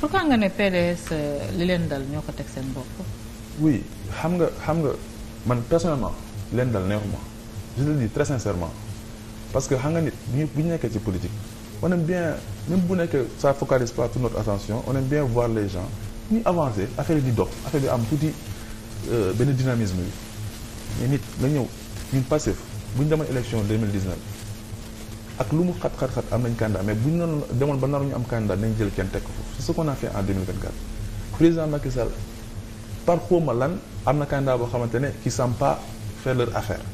pourquoi nga ne PDS euh, li leen dal ñoo ko teg seen bopp. oui xam nga xam nga man personnellement leen dal neexuma je le dis très sincèrement parce que xam nga nit bu ñu ñu nekkee ci politique on aime bien même bu nekkee sa focalise pas toute notre attention on bien voir les gens ñuy avancer affaire di dox affaire bi am tuuti euh, benn dynamisme bi mais nit nga ñëw ñun passif bu ñu demoon élection 2019 ak lu mu xat xat xat am nañ candidat mais bu ñu noonu demoon ba naruñu am candidat nañ jël kenn teg ko foofu c'est ce qu'on a fait en 2024 président Macky Sall par xawma lan am na candidat boo xamante ne qui semble pas faire leur affaire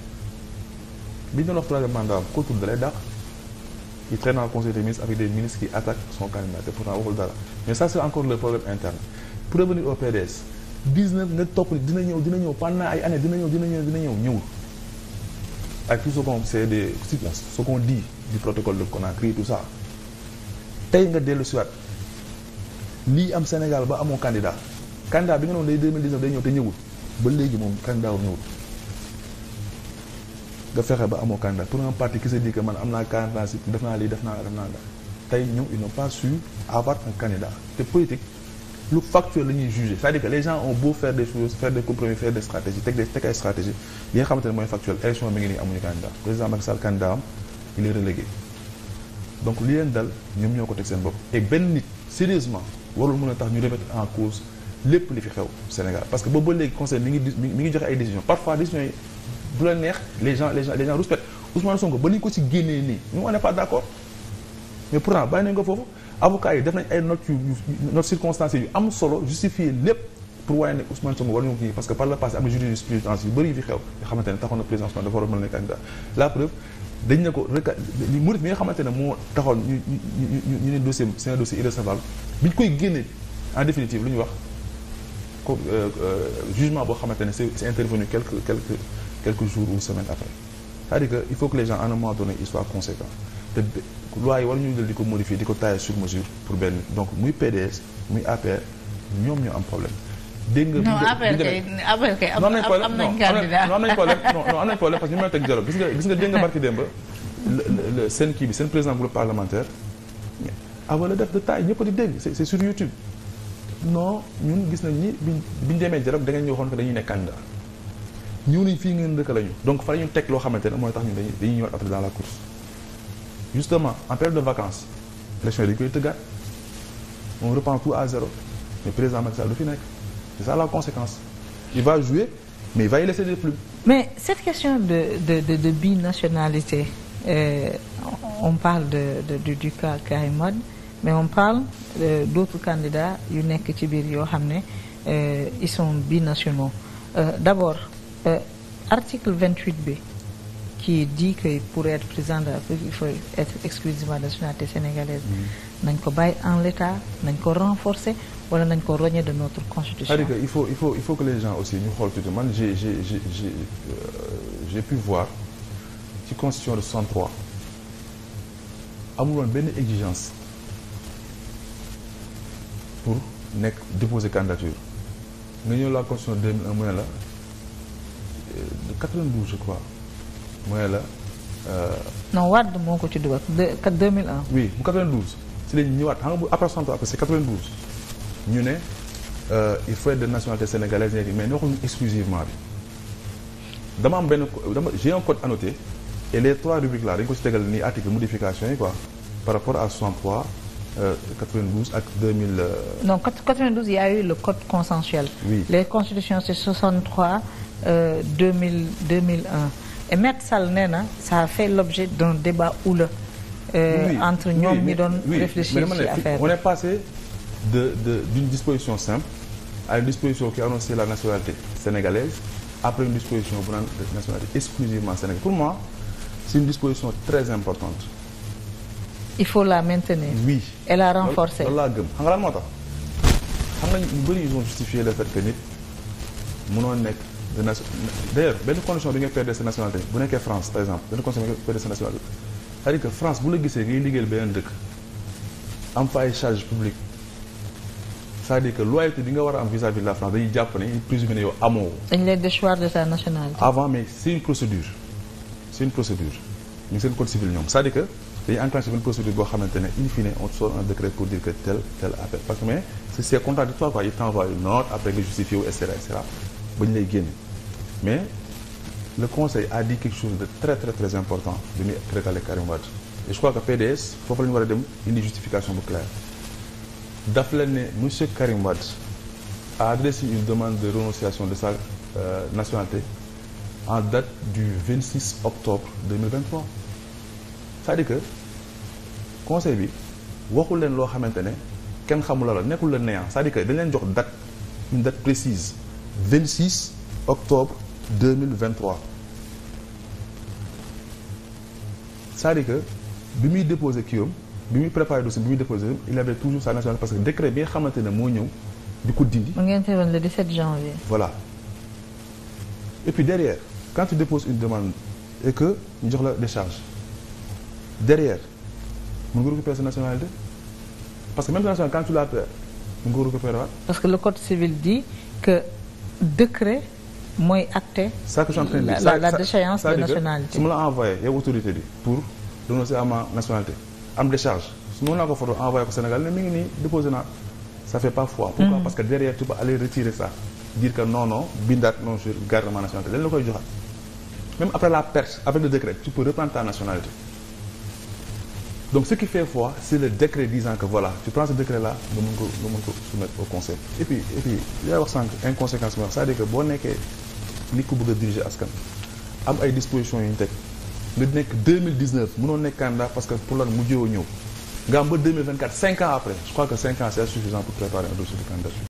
bi ñu doon wax troisième mandat ko tudd dalay dàq il traîne en conseil des ministres avec des ministres qui attaquent son candidat te pourtant problème interne pour nga topp dina ñëw dina ñëw pendant ay années dina ñëw dina ñëw dina avec tout ce qu'on sait des ce qu'on dit du protocole de Conakry tout ça tey nga dellu siwaat lii am Sénégal ba amoo candidat candidat bi nga noonu day 2019 day ñëw te ñëwul ba léegi moom candidat wu ñëwul nga fexe ba amoo candidat pour un parti qui se dit que man am naa 40 ans def naa lii def naa def naa tey ñoom a n'ont pas su avoir un te politique lu factuel la ñuy juger c'est-à-dire que les gens ont beau faire des choses faire des compromis faire des teg des teg ay stratégie li nga xamante ne mooy factuel élection mi ñoom ñoo ko teg seen bopp et benn nit sérieusement warul mën a tax ñu remettre en cause lépp li fi xew Sénégal parce que boobu ba ni conseil mi mi ngi joxe ay décisions parfois décisions yi du la neex les gens les gens ba ñu ko ci génnee nii ñu on n'est pas d'accord mais pourtant bàyyi nañ ko foofu avocats yi def nañ ay notes yu notes circonstanciées yu am solo justifié lépp pour waaye ne Ousmane Sonko war ñu kii parce que par le passé am na jurisprudence yu bëri yu fi xew nga xamante taxoon na président dafa war a mën a nekk la preuve dañ ne ko reca murit mi nga xamante ne moo taxoon ñu ñu ñu ne dossier c'est un dossier bi ñu koy génne en définitive lu ñu wax ko euh, euh, jugement boo xamante ne c'est intervenu quelques quelques quelques jours ou semaines après c'est-à-dire que il faut que les gens à un moment donné ils soient conséquents te loi yi war ñu jël di ko modifier di ko tailler sur mesure pour benn donc muy PDS muy APR ñoom ñoo am problème. dégg nga non APR kay APR kay am nañ am nañ candidat non am nañ problème non am nañ problème parce que ñu mën a teg dialogue gis nga gis nga dégg nga barki démb le seen kii bi seen président groupe parlementaire awa la def de taille ñëpp di dégg c'est sur YouTube non ñun gis nañ ni biñ biñ demee dialogue da ngeen ñu waxoon que dañuy nekk candidat ñëw nañ fi ngeen dëkk lañu donc fa la ñu teg loo xamante ne mooy tax ñu dañuy dañuy ñëwaat après dans la course justement en période de vacances élection yi dañu koy on reprend tout à zéro mais président Macky Sall fi nekk c'est la conséquence il va jouer mais il va y laisser des mais cette question de de de de binationalité euh, on parle de, de de du cas Karim mais on parle euh, d'autres candidats yu nekk ci biir yoo xam ne euh, ils sont binationaux euh, d'abord. Euh, article 28 b qui dit que pour être président de la République il faut être exclusivement de nationalité sénégalaise mm-hmm. nañ ko bàyyi en l'état nañ ko renforcer wala nañ ko rogner de notre constitution c'est-à-dire que il faut il faut il faut que les gens aussi ñu xool tuuti man j'ai j'ai j'ai euh, voir ci constitution de 63 amul benn exigence pour nekk déposer candidature nga ñëw la constitution de 2001 mu la de 92 je crois mooy la. Euh, non Wade moo ko ci dugal. de 2001. oui bu 92 si lañ ñëwaat xam nga bu après Sonko ñu ne euh, il faut être de nationalité sénégalaise mais neexul ñu exclusivement bi dama am benn dama j'ai un code annoté e les trois rubriques là dañu ko si tegal nii article modification yi quoi par rapport à euh, ak 2000. Euh... Non, a eu le code consensuel. Oui. Les constitutions, c'est 63. Euh, deux mille deux mille un et Maître Sall nee na ça a fait l'objet d'un débat houleux euh, entre ñoom ñi doon réfléchir ci affaire on est passé de de d'une disposition simple à une disposition qui annonçait la nationalité sénégalaise après une disposition bu naan nationalité exclusivement sénégalaise pour moi c'est une disposition très importante il faut la maintenir e et la renforcer loolu gëm xam nga lan xam nga ñu bëri ils ont justifié le fait que nit mënoo nekk de nation d' ailleurs benn condition bi ngay perdre sa nationalité bu nekkee France par exemple benn condition bi ngay perdre sa nationalité c'est-à-dire que France bu la gisee ngay liggéeyal beneen dëkk am fa ay charge publique c'est-à-dire que loyauté bi nga war a am vis-à-vis de la France dañuy jàpp ne il présumé ne yow amoo. dañu lay déchoir de sa nationalité. avant mais c' est une procédure c' est une procédure ñu seen code civil ñoom c'est-à-dire que dañuy enclenché benn procédure boo xamante ne in fine on sort un décret pour dire que tel tel appel parce que mais c' est contradictoire quoi il t'envoie une note après nga justifié wu et cetera et cetera ba ñu lay génne. mais le conseil a dit quelque chose de très très très important bi muy récalé Karim Wade et je crois que PDS foofu la ñu war a dem indi justification bu claire daf leen ne monsieur Karim Wade a adressé une demande de renonciation de sa euh, nationalité en date du 26 octobre 2023 c'est-à-dire que conseil bi waxu leen loo xamante ne kenn xamula la nekkul la néant c'est-à-dire que dañ leen jox date une date précise octobre deux mille vingt trois cest à que bi muy déposé ki yoom bi muy préparé dossier bi muy déposé il avait toujours sa nationalité parce que décret bi nga xamante ne moo ñëw di ko dindi. mu ngeen teewoon le 17 janvier. voilà et puis derrière quand tu une demande et que ñu jox la décharge derrière mën nga récupérer sa nationalité parce que même sa nationalité quand la perds mën nga récupérer parce que le code civil dit que décret. mooy acté. sa que je suis en train de la la déchéance de nationalité. su ma la yow autorité bi pour renoncer à ma nationalité am décharge su ma la ko photo envoyé ko Sénégal ne mi ngi nii déposé naa ça fait pas foi. pourquoi mm-hmm. parce que derrière tu peux aller retirer ça. dire que non non bindaat non je garde nationalité dañ la koy joxaat même après la perte avec le décret tu peux reprendre ta nationalité. donc ce qui fait foi c'est le décret disant que voilà tu prends ce décret là nga mën ko nga mën ko boo nekkee. nit ku bëgg a diriger askan am ay dispositions yu ñu teg nga nekk 2019 mënoo nekk candidat parce que pour lan mu jiwoo ñëw nga am ba 2024 5 ans après je que 5 ans c'est suffisant pour préparer un dossier de candidature